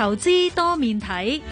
投資多面睇。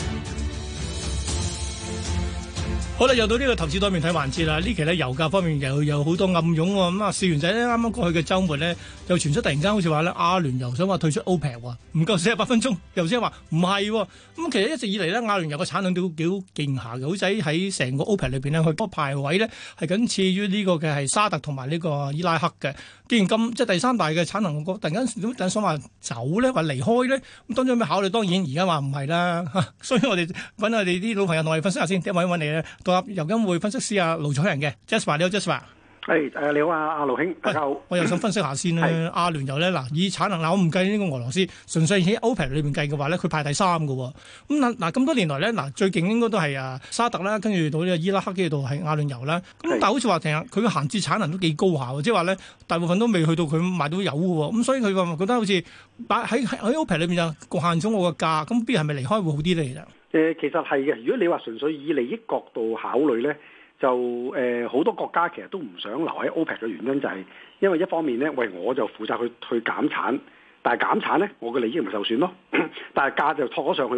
好啦，又到呢個投資多面睇環節啦。呢期咧油價方面又有好多暗湧喎。咁啊，試完仔咧，啱啱過去嘅周末咧，又傳出突然間好似話咧，阿聯酋想話退出 OPEC 喎，唔夠四十八分鐘，又先話唔係。咁其實一直以嚟咧，阿聯酋嘅產量都幾勁下嘅。好在喺成個 OPEC 裏邊咧，佢個排位咧係僅次於呢個嘅係沙特同埋呢個伊拉克嘅。既然咁即係第三大嘅產能國，突然間想話走咧，話離開咧，咁當中有咩考慮？當然而家話唔係啦。所以我哋揾我哋啲老朋友同我哋分析下先。第一位揾你咧。油金匯分析師阿盧彩仁嘅，Jasper 你好，Jasper。你、hey, uh, 好啊，阿盧兄，大家好。我又想分析下先咧，嗯、阿聯酋咧嗱，以產能我唔計呢個俄羅斯，純粹喺 OPEC 裏邊計嘅話咧，佢排第三個喎。咁嗱嗱咁多年來咧，嗱最勁應該都係啊沙特啦，跟住到咧伊拉克嗰度，係阿聯酋啦。咁是但係好似話其實佢嘅閒置產能都幾高下喎，即係話咧大部分都未去到佢賣到油嘅喎。咁所以佢覺得好似喺喺喺 OPEC 裏邊就侷限咗我個價。咁不如係咪離開會好啲咧？其實？誒其實係嘅，如果你話純粹以利益角度考慮呢，就誒好多國家其實都唔想留喺 OPEC 嘅原因就係因為一方面呢，喂我就負責去去減產，但係減產呢，我嘅利益咪受損咯，但係價就托咗上去。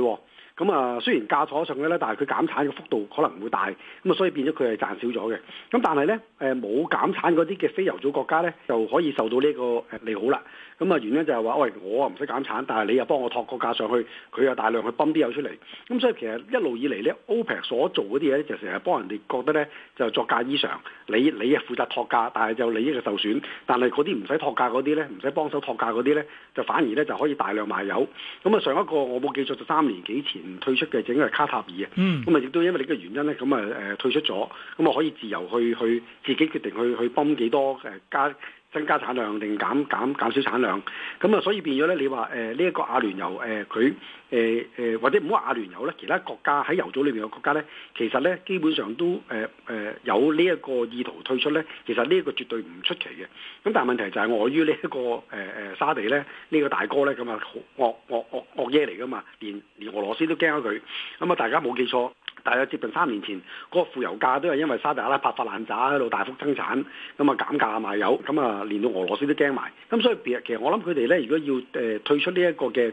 咁啊、嗯，雖然價坐上咗咧，但係佢減產嘅幅度可能唔會大，咁、嗯、啊，所以變咗佢係賺少咗嘅。咁、嗯、但係咧，誒、呃、冇減產嗰啲嘅非油組國家咧，就可以受到呢個誒利好啦。咁、嗯、啊，原因就係、是、話，喂、哎，我唔使減產，但係你又幫我托個價上去，佢又大量去泵啲油出嚟。咁、嗯、所以其實一路以嚟咧，OPEC 所做嗰啲嘢咧，就成日幫人哋覺得咧，就作嫁衣裳，你你係負責托價，但係就利益嘅受損。但係嗰啲唔使托價嗰啲咧，唔使幫手托價嗰啲咧，就反而咧就可以大量賣油。咁、嗯、啊，上一個我冇記錯就三年幾前。退出嘅，整個卡塔爾啊，嗯， 咁啊亦都因為你嘅原因咧，咁啊誒，退出咗，咁啊可以自由去去自己決定去去泵幾多誒加。增加產量定減減減少產量，咁啊，所以變咗咧，你話誒呢一個阿聯酋誒佢誒誒或者唔好話阿聯酋咧，其他國家喺油組裏邊嘅國家咧，其實咧基本上都誒誒有呢一個意圖退出咧，其實呢一個絕對唔出奇嘅。咁但係問題就係礙於呢、這、一個誒誒、呃、沙地咧，呢、這個大哥咧，咁啊惡惡惡惡嘢嚟㗎嘛，連連俄羅斯都驚咗佢，咁啊大家冇記錯。但係接近三年前，嗰、那個負油價都係因為沙特阿拉伯發爛渣喺度大幅增產，咁啊減價賣油，咁啊連到俄羅斯都驚埋，咁所以其實我諗佢哋咧，如果要誒、呃、退出呢、這、一個嘅誒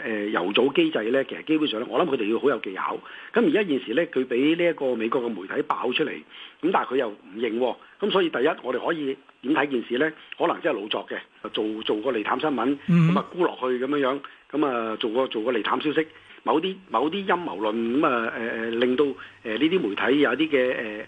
誒油組機制咧，其實基本上咧，我諗佢哋要好有技巧。咁而家件事咧，佢俾呢一個美國嘅媒體爆出嚟，咁但係佢又唔認，咁、哦、所以第一我哋可以點睇件事咧？可能真係老作嘅，做做個利淡新聞，咁啊沽落去咁樣樣。咁啊，做個做個離譜消息，某啲某啲陰謀論，咁啊誒誒令到誒呢啲媒體有啲嘅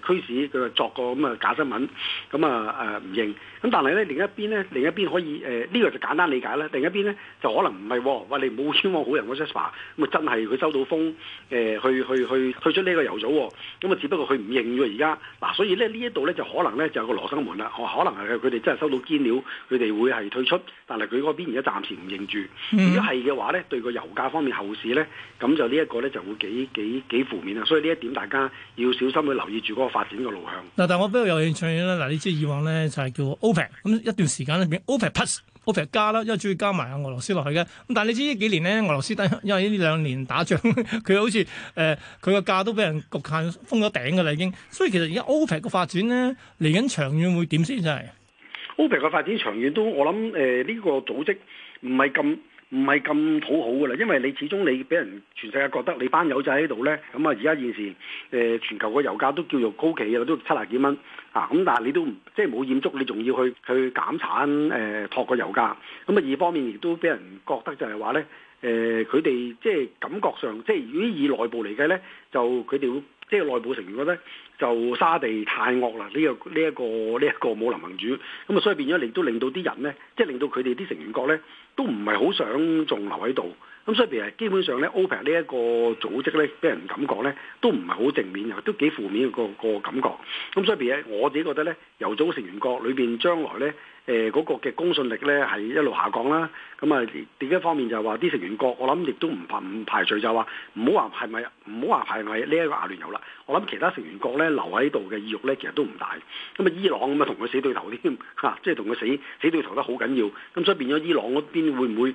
誒誒誒驅使佢作個咁啊假新聞，咁啊誒唔認。咁但係咧另一邊咧，另一邊可以誒呢、呃這個就簡單理解啦。另一邊咧就可能唔係喎，喂、哦、你唔好冤枉好人喎 s a 咁啊真係佢收到風誒、呃、去去去退出呢個油組，咁、哦、啊只不過佢唔認啫而家。嗱、啊，所以咧呢一度咧就可能咧就有個羅生門啦，可能係佢哋真係收到堅料，佢哋會係退出，但係佢嗰邊而家暫時唔認住。嗯、如果係嘅話咧，對個油價方面後市咧，咁就呢一個咧就會幾幾幾負面啊！所以呢一點大家要小心去留意住嗰個發展嘅路向。嗱、嗯，但係我比較有興趣咧，嗱，你知以往咧就係、是、叫 OPEC 咁一段時間裏邊 OPEC plus OPEC 加啦，因為仲要加埋啊俄羅斯落去嘅。咁但係你知呢幾年咧，俄羅斯因因為呢兩年打仗，佢 好似誒佢個價都俾人局限封咗頂㗎啦，已經了了。所以其實而家 OPEC 個發展咧嚟緊長遠會點先？真、就、係、是、OPEC 個發展長遠都我諗誒呢個組織唔係咁。唔係咁討好噶啦，因為你始終你俾人全世界覺得你班友仔喺度咧，咁啊而家現時，誒、呃、全球個油價都叫做高企啊，都七廿幾蚊啊，咁但係你都唔，即係冇掩足，你仲要去去減產誒托、呃、個油價，咁啊二方面亦都俾人覺得就係話咧，誒佢哋即係感覺上，即係如果以內部嚟計咧，就佢哋會即係內部成員覺得。就沙地太惡啦，呢、這個呢一、這個呢一、這個武林盟主，咁、嗯、啊所以變咗亦都令到啲人咧，即係令到佢哋啲成員國咧，都唔係好想仲留喺度，咁、嗯、所以譬如基本上咧，OPEC 呢一個組織咧，俾人感覺咧，都唔係好正面，又都幾負面、那個、那個感覺，咁、嗯、所以譬如我自己覺得咧，由組成員國裏邊將來咧。誒嗰、呃那個嘅公信力咧係一路下降啦，咁啊另一方面就係話啲成員國，我諗亦都唔排唔排除就話唔好話係咪唔好話係咪呢一個阿聯酋啦，我諗其，其、嗯、其他成員國咧留喺度嘅意欲咧其實都唔大，咁啊伊朗咁啊同佢死對頭添嚇，即係同佢死死對頭得好緊要，咁所以變咗伊朗嗰邊會唔會誒、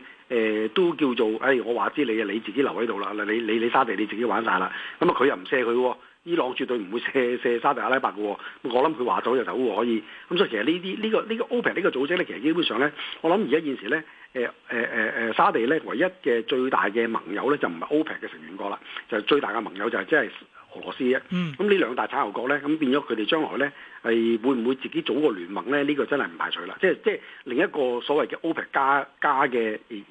呃、都叫做誒、哎、我話知你啊，你自己留喺度啦，嗱你你你沙地你自己玩晒啦，咁啊佢又唔卸佢喎。伊朗絕對唔會射射沙特阿拉伯嘅，咁我諗佢話走就走喎，可以。咁所以其實呢啲呢個呢個 OPEC 呢個組織咧，其實基本上咧，我諗而家現時咧，誒誒誒誒沙地咧唯一嘅最大嘅盟友咧，就唔係 OPEC 嘅成員國啦，就係、係、最大嘅盟友就係即係。就係俄羅斯啊，咁呢兩大產油國咧，咁變咗佢哋將來咧係會唔會自己組個聯盟咧？呢個真係唔排除啦。即係即係另一個所謂嘅 OPEC 加加嘅誒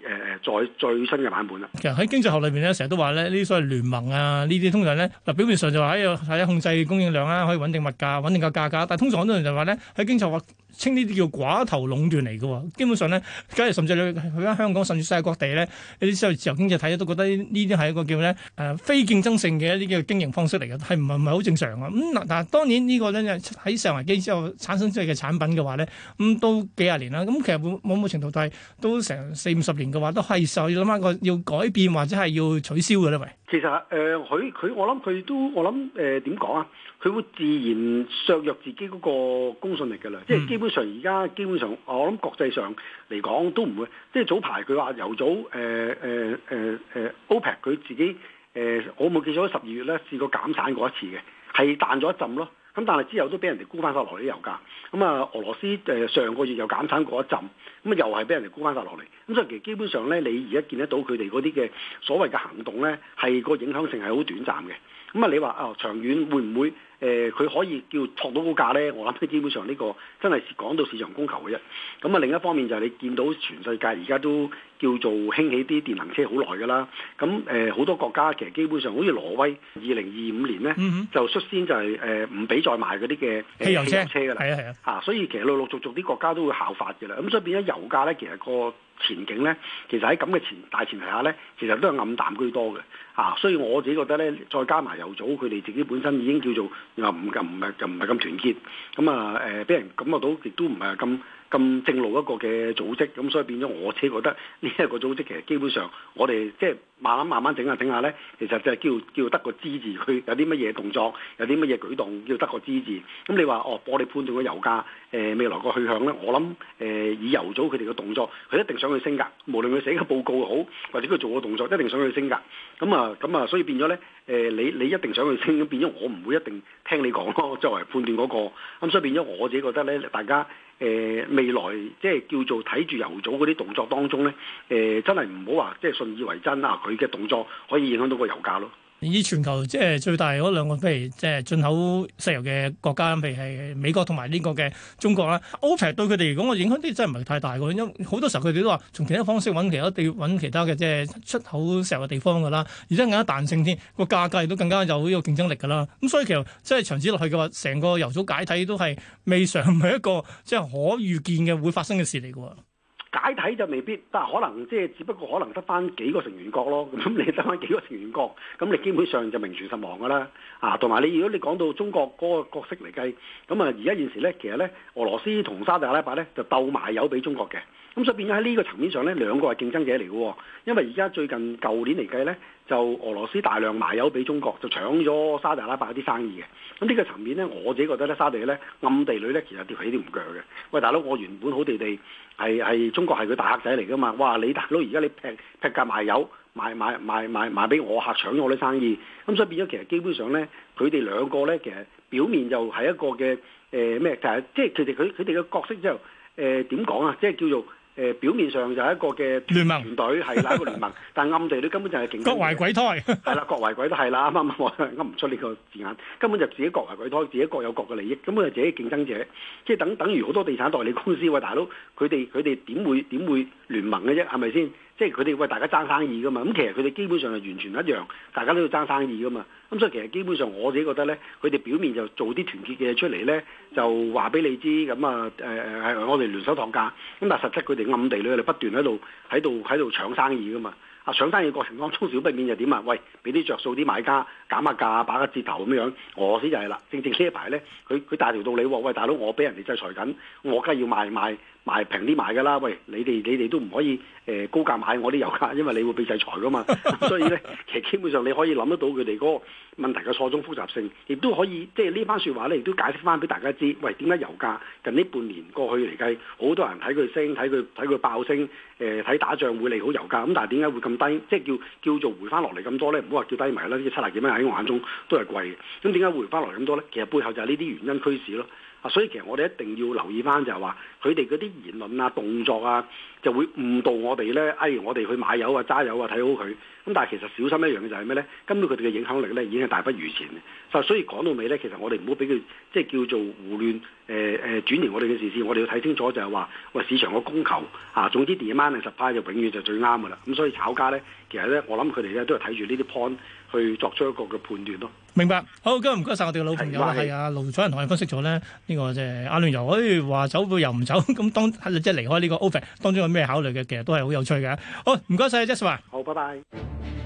誒，在最新嘅版本啦。其實喺經濟學裏邊咧，成日都話咧呢啲所謂聯盟啊，呢啲通常咧，嗱表面上就話喺度係要控制供應量啊，可以穩定物價、穩定個價格。但係通常好多人就話咧喺經濟學。稱呢啲叫寡頭壟斷嚟嘅、啊，基本上咧，今日甚至你去返香港，甚至世界各地咧，有啲所謂自由經濟體咧，都覺得呢啲係一個叫咧誒、呃、非競爭性嘅一啲嘅經營方式嚟嘅，係唔係唔係好正常啊？咁嗱嗱，當然呢個咧喺上環機之後產生出嚟嘅產品嘅話咧，咁、嗯、到幾廿年啦，咁、嗯、其實冇冇程度但係都成四五十年嘅話，都係需要諗翻個要改變或者係要取消嘅咧、啊，喂，其實誒，佢、呃、佢我諗佢都我諗誒點講啊？呃佢會自然削弱自己嗰個公信力㗎啦，即係基本上而家基本上我諗國際上嚟講都唔會，即係早排佢話由早誒誒、呃、誒誒、呃呃、OPEC 佢自己誒、呃，我冇記錯十二月咧試過減產過一次嘅，係彈咗一陣咯。咁但係之後都俾人哋沽翻曬落嚟啲油價，咁、嗯、啊，俄羅斯誒、呃、上個月又減產過一陣，咁、嗯、啊又係俾人哋沽翻曬落嚟，咁、嗯、所以其實基本上咧，你而家見得到佢哋嗰啲嘅所謂嘅行動咧，係個影響性係好短暫嘅，咁、嗯、啊你話啊、呃、長遠會唔會？誒，佢、呃、可以叫托到高價呢，我諗基本上呢個真係講到市場供求嘅啫。咁啊，另一方面就係你見到全世界而家都叫做興起啲電能車好耐㗎啦。咁誒，好、呃、多國家其實基本上好似挪威二零二五年呢、嗯、哼就率先就係誒唔俾再賣嗰啲嘅汽油車㗎啦。係啊係啊，嚇、啊啊！所以其實陸陸續續啲國家都會效法嘅啦。咁所以變咗油價呢，其實、個。前景咧，其實喺咁嘅前大前提下咧，其實都係暗淡居多嘅，啊！所以我自己覺得咧，再加埋油組，佢哋自己本身已經叫做啊唔咁唔係就唔係咁團結咁啊誒，俾、呃、人感覺到亦都唔係咁。咁正路一個嘅組織，咁所以變咗我自己覺得呢一個組織其實基本上我，我哋即係慢慢慢慢整下整下呢，其實就係叫叫得個資字，佢有啲乜嘢動作，有啲乜嘢舉動叫得個資字。咁你話哦，我哋判斷個油價誒、呃、未來個去向呢，我諗誒、呃、以油組佢哋嘅動作，佢一定想去升噶。無論佢寫嘅報告好，或者佢做嘅動作，一定想去升噶。咁啊咁啊，所以變咗呢。誒你、呃、你一定想去聽，咁變咗我唔會一定聽你講咯，作為判斷嗰、那個。咁、啊、所以變咗我自己覺得咧，大家誒、呃、未來即係叫做睇住油組嗰啲動作當中咧，誒、呃、真係唔好話即係信以為真啦。佢、啊、嘅動作可以影響到個油價咯。以全球即係最大嗰兩個，譬如即係進口石油嘅國家，譬如係美國同埋呢個嘅中國啦。OPEC 對佢哋嚟講，我影響啲真係唔係太大，因為好多時候佢哋都話從其他方式揾其他地揾其他嘅即係出口石油嘅地方噶啦，而且更加彈性添，個價格亦都更加有呢個競爭力噶啦。咁所以其實即係長此落去嘅話，成個油組解體都係未嘗唔係一個即係可預見嘅會發生嘅事嚟嘅。解體就未必，但可能即係，只不過可能得返幾個成員國咯。咁你得返幾個成員國，咁你基本上就名存實亡㗎啦。啊，同埋你如果你講到中國嗰個角色嚟計，咁啊而家現時咧，其實咧，俄羅斯同沙特阿拉伯咧就鬥賣油俾中國嘅。咁所以變咗喺呢個層面上咧，兩個係競爭者嚟㗎喎。因為而家最近舊年嚟計咧。就俄羅斯大量賣油俾中國，就搶咗沙特阿拉伯啲生意嘅。咁呢個層面咧，我自己覺得咧，沙地咧暗地裏咧，其實吊起啲唔鋸嘅。喂，大佬，我原本好地地係係中國係佢大客仔嚟噶嘛？哇！你大佬而家你劈劈價賣油賣賣賣賣賣俾我客，搶咗我啲生意。咁所以變咗其實基本上咧，佢哋兩個咧，其實表面就係一個嘅誒咩？就係即係佢哋，佢佢哋嘅角色之後誒點講啊？即係叫做。誒、呃、表面上就係一個嘅聯盟團隊，係啦一個聯盟， 但係暗地裏根本就係競爭，各懷鬼胎，係 啦，各懷鬼胎係啦，啱啱，我噏唔出呢個字眼，根本就自己各懷鬼胎，自己各有各嘅利益，根本就自己競爭者，即係等等於好多地產代理公司，喂，大佬，佢哋佢哋點會點會聯盟嘅啫？係咪先？即係佢哋喂，大家爭生意噶嘛，咁其實佢哋基本上係完全一樣，大家都要爭生意噶嘛。咁、嗯、所以其實基本上我自己覺得咧，佢哋表面就做啲團結嘅嘢出嚟咧，就話俾你知咁啊，誒誒，呃、我哋聯手擋價。咁但係實質佢哋暗地裏不斷喺度喺度喺度搶生意噶嘛。啊，搶生意個過程當中少不免又點啊？喂，俾啲着數啲買家減下價，打個折頭咁樣。我先就係啦，正正呢一排咧，佢佢大條道理喎。喂，大佬，我俾人哋制裁緊，我梗係要賣賣。買平啲賣㗎啦，喂！你哋你哋都唔可以誒、呃、高價買我啲油價，因為你會被制裁㗎嘛。所以咧，其實基本上你可以諗得到佢哋嗰個問題嘅錯綜複雜性，亦都可以即係呢番説話咧，亦都解釋翻俾大家知，喂，點解油價近呢半年過去嚟計，好多人睇佢升，睇佢睇佢爆升，誒、呃、睇打仗會利好油價，咁但係點解會咁低？即係叫叫做回翻落嚟咁多咧，唔好話叫低迷啦，呢七十幾蚊喺我眼中都係貴嘅。咁點解回翻落嚟咁多咧？其實背後就係呢啲原因驅使咯。所以其實我哋一定要留意翻，就係話佢哋嗰啲言論啊、動作啊，就會誤導我哋咧。例、哎、如我哋去買有啊、揸有啊，睇好佢。咁但係其實小心一樣嘅就係咩咧？根本佢哋嘅影響力咧已經係大不如前。就所以講到尾咧，其實我哋唔好俾佢即係叫做胡亂誒誒、呃呃、轉移我哋嘅視線。我哋要睇清楚就係話，喂、呃、市場嘅供求啊，總之 demand 係實派就永遠就最啱噶啦。咁所以炒家咧，其實咧我諗佢哋咧都係睇住呢啲 point 去作出一個嘅判斷咯。明白，好，今日唔該晒我哋嘅老朋友，係啊，盧彩雲同我哋分析咗咧呢個即係阿聯酋，誒話走會又唔走，咁、 嗯、當即係離開呢個 OPEC 當中有咩考慮嘅，其實都係好有趣嘅。好，唔該晒 Jason，好，拜拜。